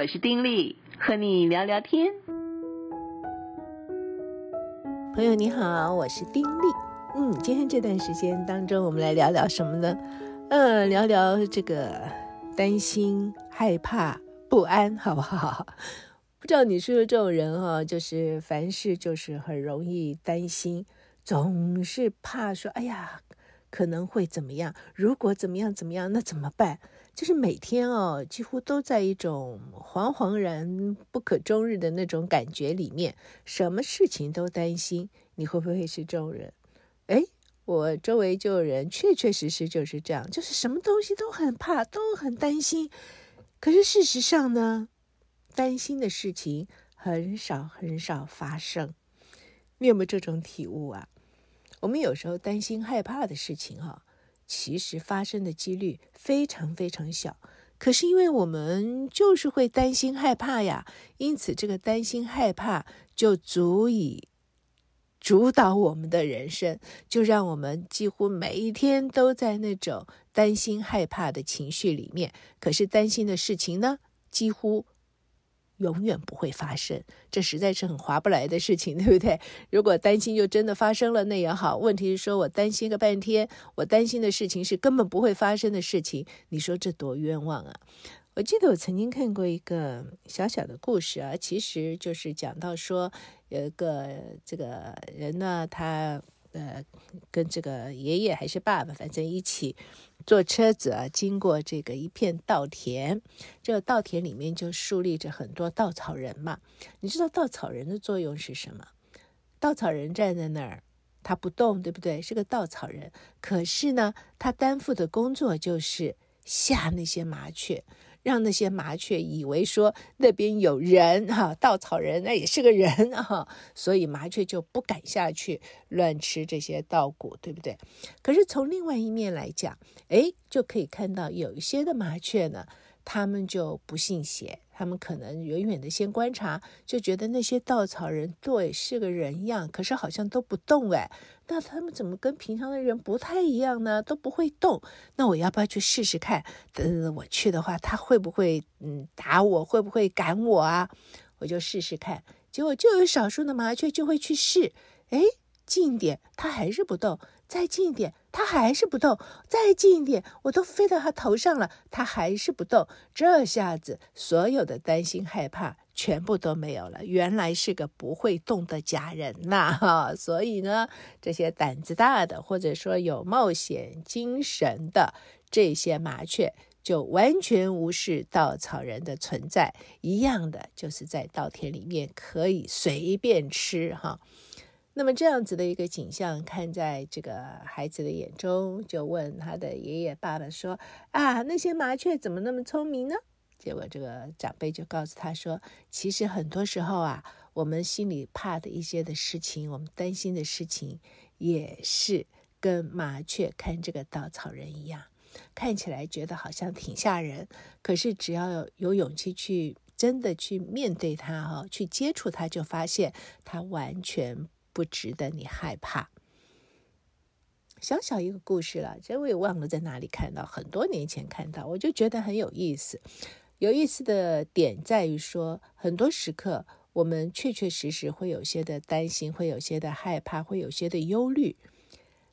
我是丁莉，和你聊聊天。朋友你好，我是丁莉。嗯，今天這段時間當中，我們來聊聊什麼呢？嗯，聊聊這個擔心、害怕、不安，好不好？不知道你是不是這種人哈、哦？就是凡事就是很容易擔心，總是怕說，哎呀，可能會怎麼樣？如果怎麼樣怎麼樣，那怎麼辦？就是每天哦，幾乎都在一種惶惶然不可終日的那種感覺裡面，什麼事情都擔心。你會不會是這種人？誒，我周圍就有人確確實實就是這樣，就是什麼東西都很怕，都很擔心。可是事實上呢，擔心的事情很少很少發生。你有沒有這種體悟啊？我們有時候擔心害怕的事情，哦，哈。其實發生的幾率非常非常小，可是因為我們就是會擔心害怕呀，因此這個擔心害怕就足以主導我們的人生，就讓我們幾乎每一天都在那種擔心害怕的情緒裡面。可是擔心的事情呢，幾乎。永遠不會發生，這實在是很划不來的事情，對不對？如果擔心就真的發生了那也好，問題是說我擔心個半天，我擔心的事情是根本不會發生的事情，你說這多冤枉啊！我記得我曾經看過一個小小的故事啊，其實就是講到說有一個這個人呢，他呃跟這個爺爺還是爸爸，反正一起。坐車子啊，經過這個一片稻田，這個稻田裡面就豎立着很多稻草人嘛。你知道稻草人的作用是什麼？稻草人站在那兒，他不動，對不對？是個稻草人。可是呢，他擔負的工作就是嚇那些麻雀。讓那些麻雀以為說那邊有人哈、啊，稻草人那也是個人啊，所以麻雀就不敢下去亂吃這些稻穀，對不對？可是從另外一面來講，哎，就可以看到有一些的麻雀呢，他們就不信邪，他們可能遠遠的先觀察，就覺得那些稻草人做也是個人一樣，可是好像都不動哎，那他們怎麼跟平常的人不太一樣呢？都不會動。那我要不要去試試看？等，等我去的話，他會不會嗯打我？會不會趕我啊？我就試試看。結果就有少數的麻雀就會去試，哎，近一點，它還是不動。再近一點，它還是不動。再近一點，我都飛到它頭上了，它還是不動。這下子，所有的擔心害怕全部都沒有了，原來是個不會動的假人吶！哈、啊，所以呢，這些膽子大的或者說有冒險精神的這些麻雀，就完全無視稻草人的存在，一樣的，就是在稻田裡面可以隨便吃哈。啊那麼這樣子的一個景象，看在這個孩子的眼中，就問他的爺爺、爸爸說：“啊，那些麻雀怎麼那麼聰明呢？”結果這個長輩就告訴他說：“其實很多時候啊，我們心裡怕的一些的事情，我們擔心的事情，也是跟麻雀看這個稻草人一樣，看起來覺得好像挺嚇人，可是只要有，有勇氣去真的去面對它，哈，去接觸它，就發現它完全。”不值得你害怕。小小一個故事了，這我也忘了在哪裡看到，很多年前看到，我就覺得很有意思。有意思的點在於說，很多時刻我們確確實實會有些的擔心，會有些的害怕，會有些的憂慮。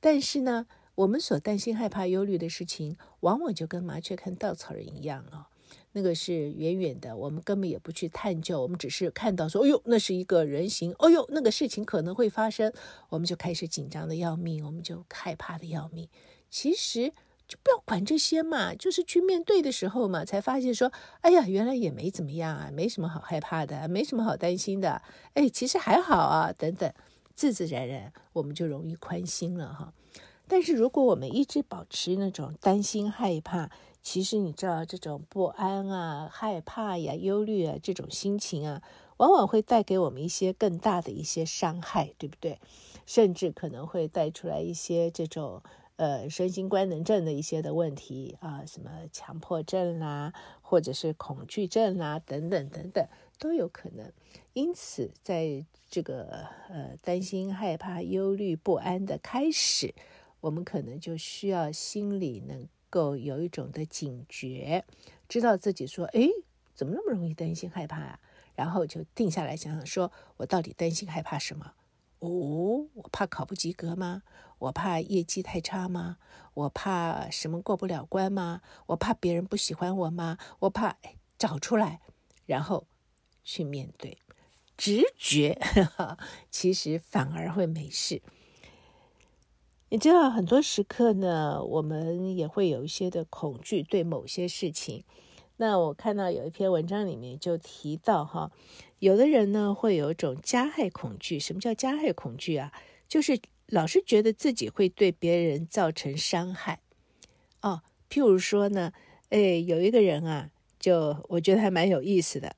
但是呢，我們所擔心、害怕、憂慮的事情，往往就跟麻雀看稻草人一樣哦。那個是遠遠的，我們根本也不去探究，我們只是看到說，哎呦，那是一個人形，哎呦，那個事情可能會發生，我們就開始緊張得要命，我們就害怕得要命。其實就不要管這些嘛，就是去面對的時候嘛，才發現說，哎呀，原來也沒怎麼樣啊，沒什麼好害怕的，沒什麼好擔心的，哎，其實還好啊，等等，自自然然，我們就容易寬心了哈。但是如果我們一直保持那種擔心害怕，其實你知道這種不安啊、害怕呀、憂慮啊這種心情啊，往往會帶給我們一些更大的一些傷害，對不對？甚至可能會帶出來一些這種呃身心官能症的一些的問題啊、呃，什麼強迫症啦、啊，或者是恐懼症啦、啊，等等等等都有可能。因此，在這個呃擔心、害怕、憂慮、不安的開始，我們可能就需要心理能。夠有一種的警覺，知道自己說，哎，怎麼那麼容易擔心害怕啊？然後就定下來想想說，說我到底擔心害怕什麼？哦，我怕考不及格嗎？我怕業績太差嗎？我怕什麼過不了關嗎？我怕別人不喜歡我嗎？我怕……找出來，然後去面對，直覺，呵呵，其實反而會沒事。你知道很多時刻呢，我們也會有一些的恐懼，對某些事情。那我看到有一篇文章裡面就提到哈，有的人呢會有一種加害恐懼。什麼叫加害恐懼啊？就是老是覺得自己會對別人造成傷害哦。譬如說呢，哎，有一個人啊，就我覺得還蠻有意思的，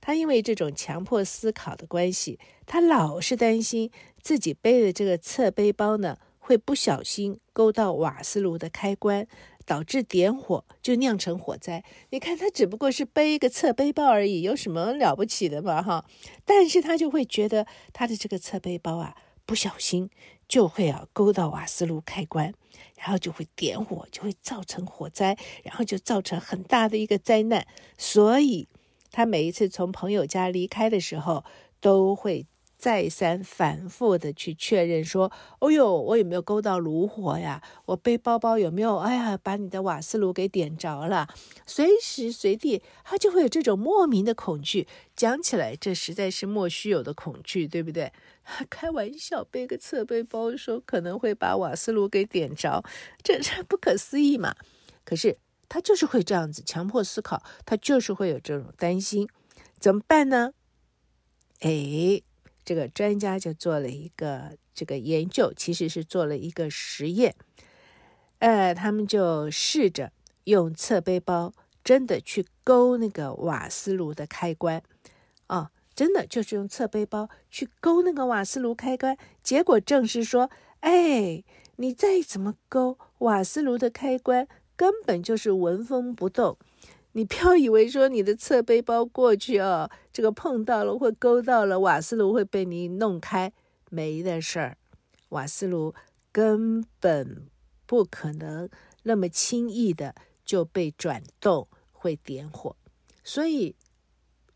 他因為這種強迫思考的關係，他老是擔心自己背的這個側背包呢。會不小心勾到瓦斯爐的開關，導致點火就釀成火災。你看他只不過是背一個側背包而已，有什麼了不起的嘛？哈！但是他就會覺得他的這個側背包啊，不小心就會啊勾到瓦斯爐開關，然後就會點火，就會造成火災，然後就造成很大的一個災難。所以他每一次從朋友家離開的時候，都會。再三反覆的去確認，說：“哦呦，我有沒有勾到爐火呀？我背包包有沒有？哎呀，把你的瓦斯爐給點着了！隨時隨地，他就會有這種莫名的恐懼。講起來，這實在是莫須有的恐懼，對不對？開玩笑，背個側背包說可能會把瓦斯爐給點着，這這不可思議嘛！可是他就是會這樣子強迫思考，他就是會有這種擔心，怎麼辦呢？哎。”這個專家就做了一個這個研究，其實是做了一個實驗。呃，他們就試着用側背包真的去勾那個瓦斯爐的開關，啊、哦，真的就是用側背包去勾那個瓦斯爐開關，結果證實說，哎，你再怎麼勾瓦斯爐的開關，根本就是紋風不動。你不要以為說，你的側背包過去哦，這個碰到了或勾到了瓦斯爐會被你弄開沒的事兒，瓦斯爐根本不可能那麼輕易的就被轉動、會點火，所以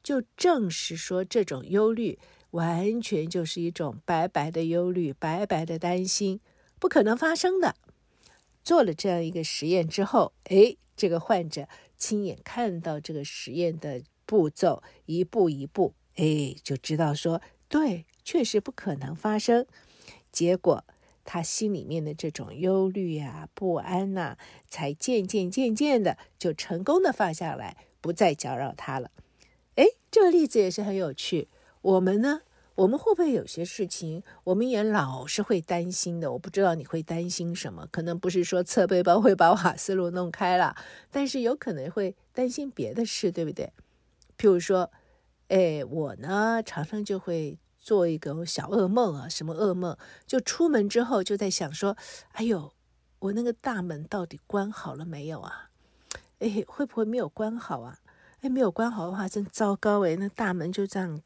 就證實說，這種憂慮完全就是一種白白的憂慮，白白的擔心，不可能發生的。做了這樣一個實驗之後，哎，這個患者。親眼看到這個實驗的步驟一步一步，哎，就知道說對，確實不可能發生。結果他心裡面的這種憂慮呀、啊、不安吶、啊，才漸漸漸漸的就成功的放下來，不再攪擾他了。哎，這個例子也是很有趣。我們呢？我們會不會有些事情，我們也老是會擔心的？我不知道你會擔心什麼，可能不是說側背包會把瓦斯爐弄開了，但是有可能會擔心別的事，對不對？譬如說，誒、哎，我呢常常就會做一個小噩夢啊，什麼噩夢？就出門之後就在想說，哎呦，我那個大門到底關好了沒有啊？誒、哎，會不會沒有關好啊？誒、哎，沒有關好的話，真糟糕誒、哎，那大門就這樣。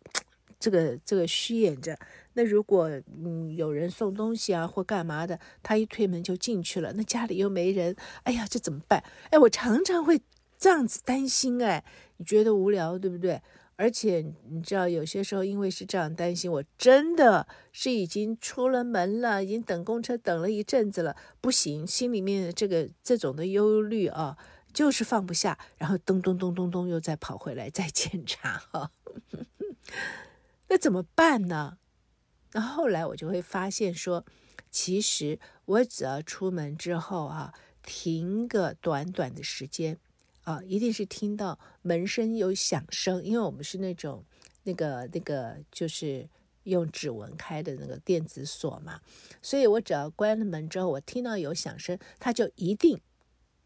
這個這個虛掩着，那如果嗯有人送東西啊或幹嘛的，他一推門就進去了，那家裡又沒人，哎呀，這怎麼辦？哎，我常常會這樣子擔心，哎，你覺得無聊對不對？而且你知道有些時候因為是這樣擔心，我真的是已經出了門了，已經等公車等了一陣子了，不行，心裡面這個這種的憂慮啊，就是放不下，然後咚咚咚咚咚咚又再跑回來再檢查哈，啊。呵呵。那怎麼辦呢？那後來我就會發現說，其實我只要出門之後啊，停個短短的時間，啊，一定是聽到門聲有響聲，因為我們是那種那個那個，那個、就是用指紋開的那個電子鎖嘛，所以我只要關了門之後，我聽到有響聲，它就一定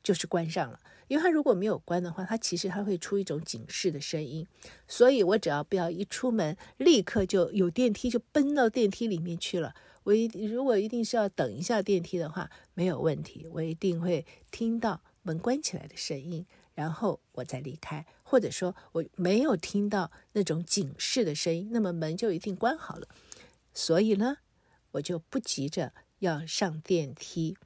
就是關上了。因為它如果沒有關的話，它其實它會出一種警示的聲音，所以我只要不要一出門，立刻就有電梯就奔到電梯裡面去了。我一如果一定是要等一下電梯的話，沒有問題，我一定會聽到門關起來的聲音，然後我再離開，或者說我沒有聽到那種警示的聲音，那麼門就一定關好了。所以呢，我就不急着要上電梯。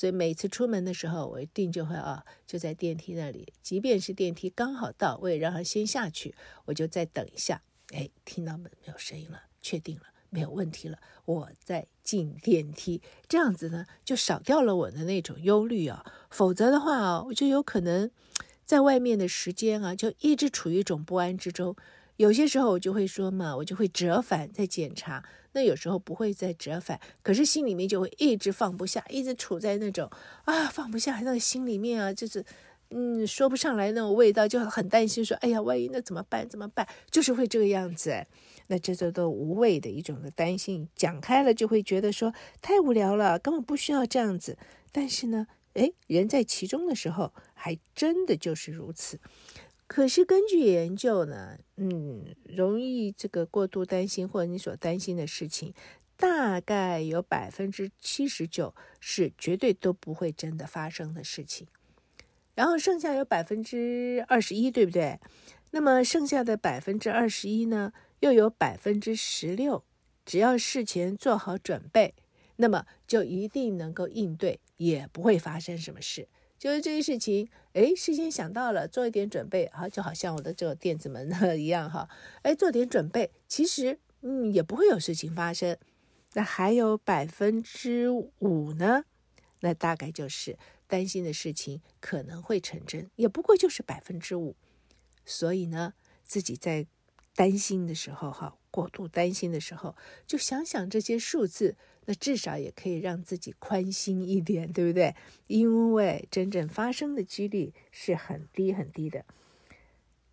所以每次出門的時候，我一定就會啊，就在電梯那裡，即便是電梯剛好到位，我也讓它先下去，我就再等一下。哎，聽到門沒有聲音了，確定了，沒有問題了，我再進電梯。這樣子呢，就少掉了我的那種憂慮啊。否則的話啊，我就有可能在外面的時間啊，就一直處於一種不安之中。有些時候我就會說嘛，我就會折返再檢查。那有時候不會再折返，可是心裡面就會一直放不下，一直處在那種啊放不下那個心裡面啊，就是嗯說不上來那種味道，就很擔心說哎呀，萬一那怎麼辦？怎麼辦？就是會這個樣子。那這這都無謂的一種的擔心，講開了就會覺得說太無聊了，根本不需要這樣子。但是呢，哎，人在其中的時候，還真的就是如此。可是根據研究呢，嗯，容易這個過度擔心或者你所擔心的事情，大概有百分之七十九是絕對都不會真的發生的事情，然後剩下有百分之二十一，對不對？那麼剩下的百分之二十一呢，又有百分之十六，只要事前做好準備，那麼就一定能夠應對，也不會發生什麼事。就是這些事情，哎，事先想到了，做一點準備，哈，就好像我的這個電子門的一樣，哈，哎，做點準備，其實，嗯，也不會有事情發生。那還有百分之五呢？那大概就是擔心的事情可能會成真，也不過就是百分之五。所以呢，自己在擔心的時候，哈，過度擔心的時候，就想想這些數字。那至少也可以讓自己寬心一點，對不對？因為真正發生的幾率是很低很低的。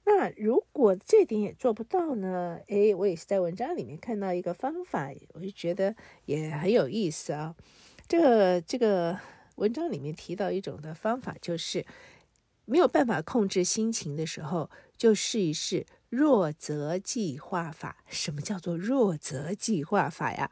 那如果這點也做不到呢？誒，我也是在文章裡面看到一個方法，我就覺得也很有意思啊、哦。這個、這個文章裡面提到一種的方法，就是沒有辦法控制心情的時候，就試一試若則計劃法。什麼叫做若則計劃法呀？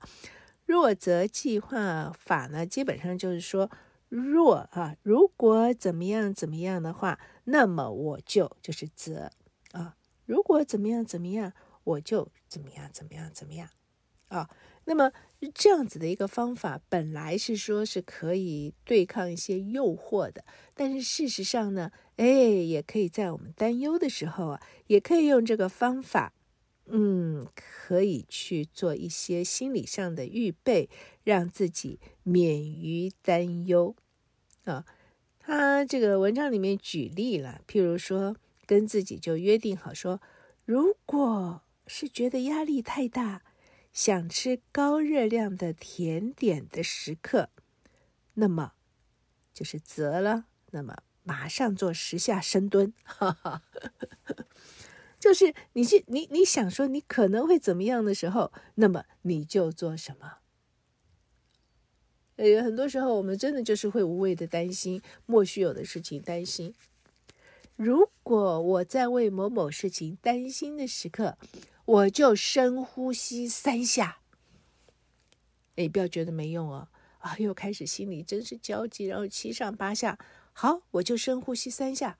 若則計劃法呢，基本上就是說，若啊，如果怎麼樣怎麼樣的話，那麼我就就是則啊，如果怎麼樣怎麼樣，我就怎麼樣怎麼樣怎麼樣啊。那麼這樣子的一個方法，本來是說是可以對抗一些誘惑的，但是事實上呢，哎，也可以在我們擔憂的時候啊，也可以用這個方法。嗯，可以去做一些心理上的預備，讓自己免於擔憂。啊，他這個文章裡面舉例了，譬如說跟自己就約定好說，說如果是覺得壓力太大，想吃高熱量的甜點的時刻，那麼就是擇了，那麼馬上做十下深蹲。 就是你是你你想說你可能會怎麼樣的時候，那麼你就做什麼。有、哎、很多時候我們真的就是會無謂的擔心，莫須有的事情擔心。如果我在為某某事情擔心的時刻，我就深呼吸三下。哎，不要覺得沒用哦，啊，又開始心裡真是焦急，然後七上八下。好，我就深呼吸三下。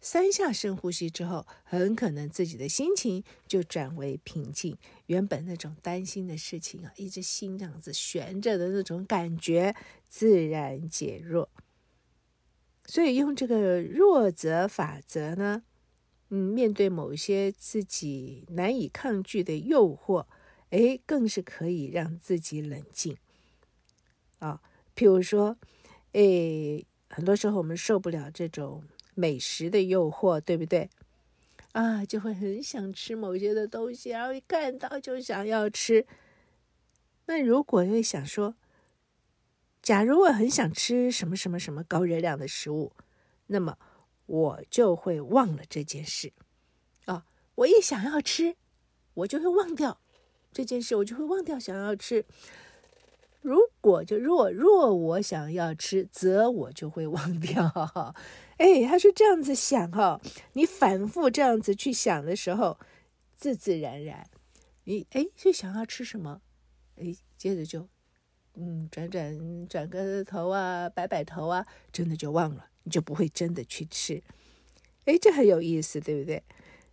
三下深呼吸之後，很可能自己的心情就轉為平靜。原本那種擔心的事情啊，一直心這樣子懸着的那種感覺，自然減弱。所以用這個弱則法則呢，嗯，面對某些自己難以抗拒的誘惑，哎，更是可以讓自己冷靜。啊、哦，譬如說，哎，很多時候我們受不了這種。美食的誘惑，對不對？啊，就會很想吃某些的東西，然後一看到就想要吃。那如果又想說，假如我很想吃什麼什麼什麼高熱量的食物，那麼我就會忘了這件事。啊，我一想要吃，我就會忘掉這件事，我就會忘掉想要吃。如果就若若我想要吃，則我就會忘掉。哎，他說這樣子想哈、哦，你反覆這樣子去想的時候，自自然然，你哎就想要吃什麼，哎，接着就，嗯，轉轉轉個頭啊，擺擺頭啊，真的就忘了，你就不會真的去吃，哎，這很有意思，對不對？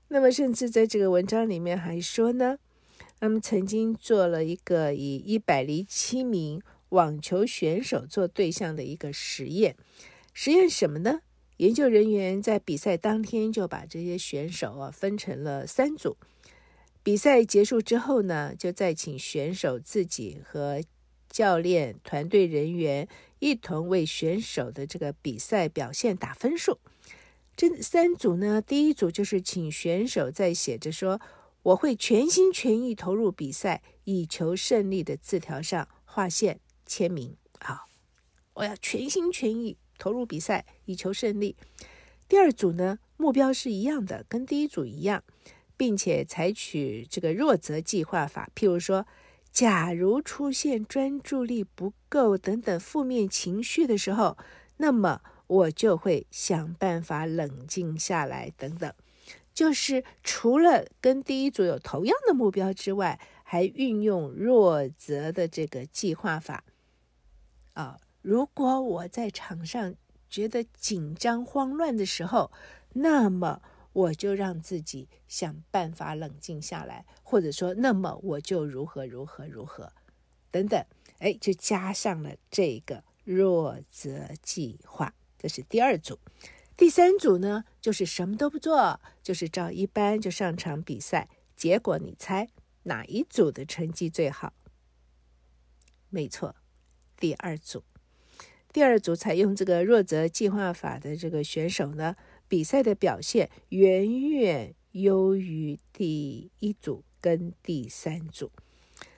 那麼甚至在這個文章裡面還說呢，他們曾經做了一個以一百零七名網球選手做對象的一個實驗，實驗什麼呢？研究人員在比賽當天就把這些選手啊分成了三組。比賽結束之後呢，就再請選手自己和教練、團隊人員一同為選手的這個比賽表現打分數。這三組呢，第一組就是請選手在寫着“說我會全心全意投入比賽，以求勝利”的字條上畫線簽名。好，我要全心全意。投入比賽以求勝利。第二組呢，目標是一樣的，跟第一組一樣，並且採取這個若則計劃法。譬如說，假如出現專注力不夠等等負面情緒的時候，那麼我就會想辦法冷靜下來等等。就是除了跟第一組有同樣的目標之外，還運用若則的這個計劃法啊。哦如果我在場上覺得緊張、慌亂的時候，那麼我就讓自己想辦法冷靜下來，或者說，那麼我就如何如何如何，等等，哎，就加上了這個若則計劃。這是第二組。第三組呢，就是什麼都不做，就是照一般就上場比賽。結果你猜哪一組的成績最好？沒錯，第二組。第二組採用這個若則計劃法的這個選手呢，比賽的表現遠遠優於第一組跟第三組，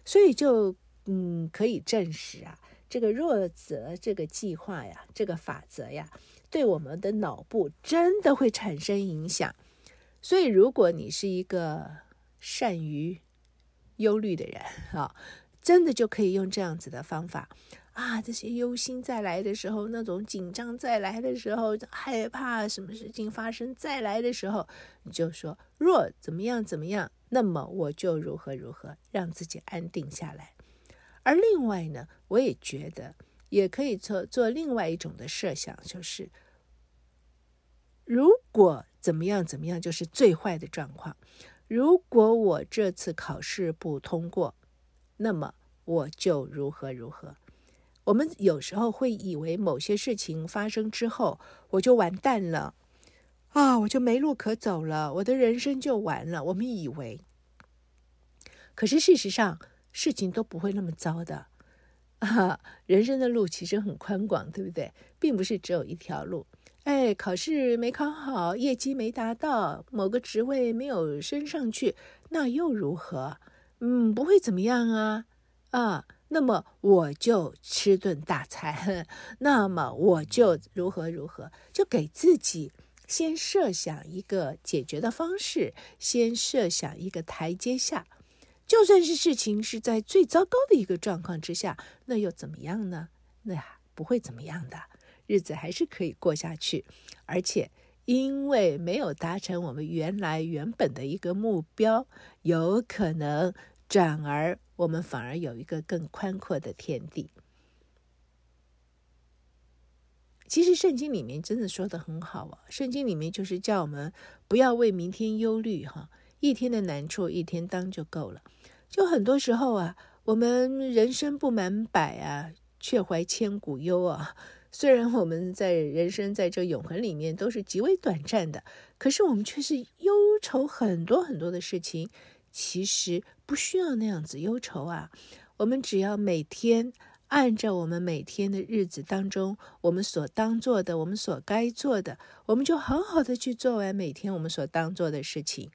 所以就嗯可以證實啊，這個若則這個計劃呀，這個法則呀，對我們的腦部真的會產生影響。所以如果你是一個善於憂慮的人啊，真的就可以用這樣子的方法。啊，這些憂心再來的時候，那種緊張再來的時候，害怕什麼事情發生再來的時候，你就說，若怎麼樣怎麼樣，那麼我就如何如何，讓自己安定下來。而另外呢，我也覺得也可以做做另外一種的設想，就是如果怎麼樣怎麼樣，就是最壞的狀況。如果我這次考試不通過，那麼我就如何如何。我們有時候會以為某些事情發生之後，我就完蛋了，啊，我就沒路可走了，我的人生就完了。我們以為，可是事實上，事情都不會那麼糟的啊。人生的路其實很寬廣，對不對？並不是只有一條路。哎，考試沒考好，業績沒達到，某個職位沒有升上去，那又如何？嗯，不會怎麼樣啊，啊。那麼我就吃頓大餐，那麼我就如何如何，就給自己先設想一個解決的方式，先設想一個台階下。就算是事情是在最糟糕的一個狀況之下，那又怎麼樣呢？那不會怎麼樣的，日子還是可以過下去。而且，因為沒有達成我們原來原本的一個目標，有可能。轉而，我們反而有一個更寬闊的天地。其實聖經裡面真的說得很好啊，聖經裡面就是叫我們不要為明天憂慮，哈，一天的難處一天當就夠了。就很多時候啊，我們人生不滿百啊，卻懷千古憂啊。雖然我們在人生在這永恆裡面都是極為短暫的，可是我們卻是憂愁很多很多的事情。其實。不需要那樣子憂愁啊！我們只要每天按照我們每天的日子當中，我們所當做的，我們所該做的，我們就很好的去做完每天我們所當做的事情，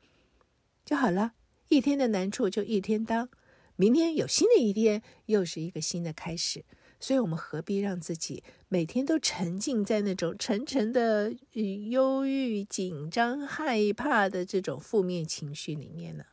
就好了。一天的難處就一天當，明天有新的一天，又是一個新的開始。所以，我們何必讓自己每天都沉浸在那種沉沉的憂鬱、緊張、害怕的這種負面情緒裡面呢？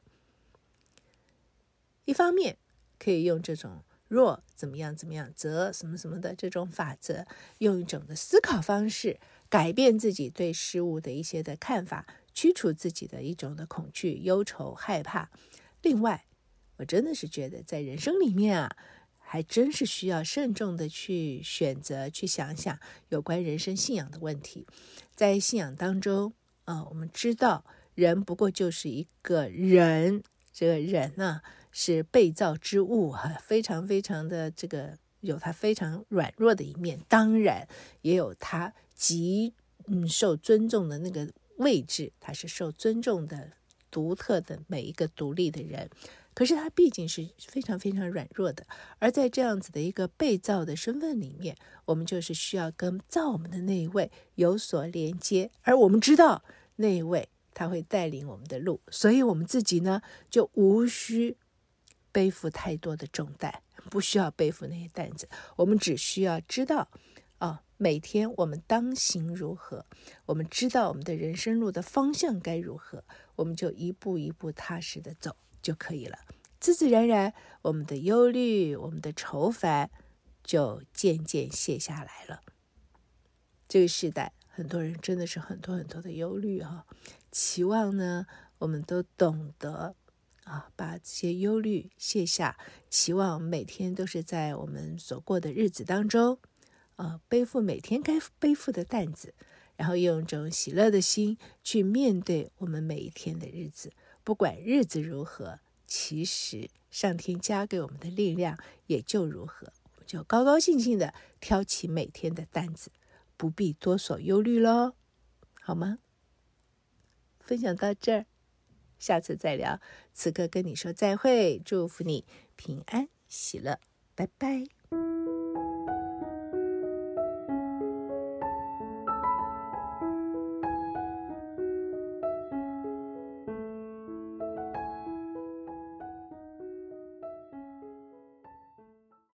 一方面可以用這種若怎麼樣怎麼樣則什麼什麼的這種法則，用一種的思考方式改變自己對事物的一些的看法，驅除自己的一種的恐懼、憂愁、害怕。另外，我真的是覺得在人生裡面啊，還真是需要慎重地去選擇，去想想有關人生信仰的問題。在信仰當中啊，呃，我們知道人不過就是一個人。這個人呢、啊、是被造之物哈、啊，非常非常的這個有他非常軟弱的一面，當然也有他極嗯受尊重的那個位置，他是受尊重的獨特的每一個獨立的人，可是他畢竟是非常非常軟弱的，而在這樣子的一個被造的身份裡面，我們就是需要跟造我們的那一位有所連接，而我們知道那一位。他會帶領我們的路，所以我們自己呢就無需背負太多的重擔，不需要背負那些擔子。我們只需要知道，啊，每天我們當行如何？我們知道我們的人生路的方向該如何，我們就一步一步踏實地走就可以了。自自然然，我們的憂慮、我們的愁煩就漸漸卸下來了。這個時代，很多人真的是很多很多的憂慮啊。期望呢，我們都懂得啊，把這些憂慮卸下。期望每天都是在我們所過的日子當中，呃、啊，背負每天該背負的擔子，然後用一種喜樂的心去面對我們每一天的日子。不管日子如何，其實上天加給我們的力量也就如何，我們就高高興興的挑起每天的擔子，不必多所憂慮嘍，好嗎？分享到這兒，下次再聊，此刻跟你說再會，祝福你平安喜樂，拜拜。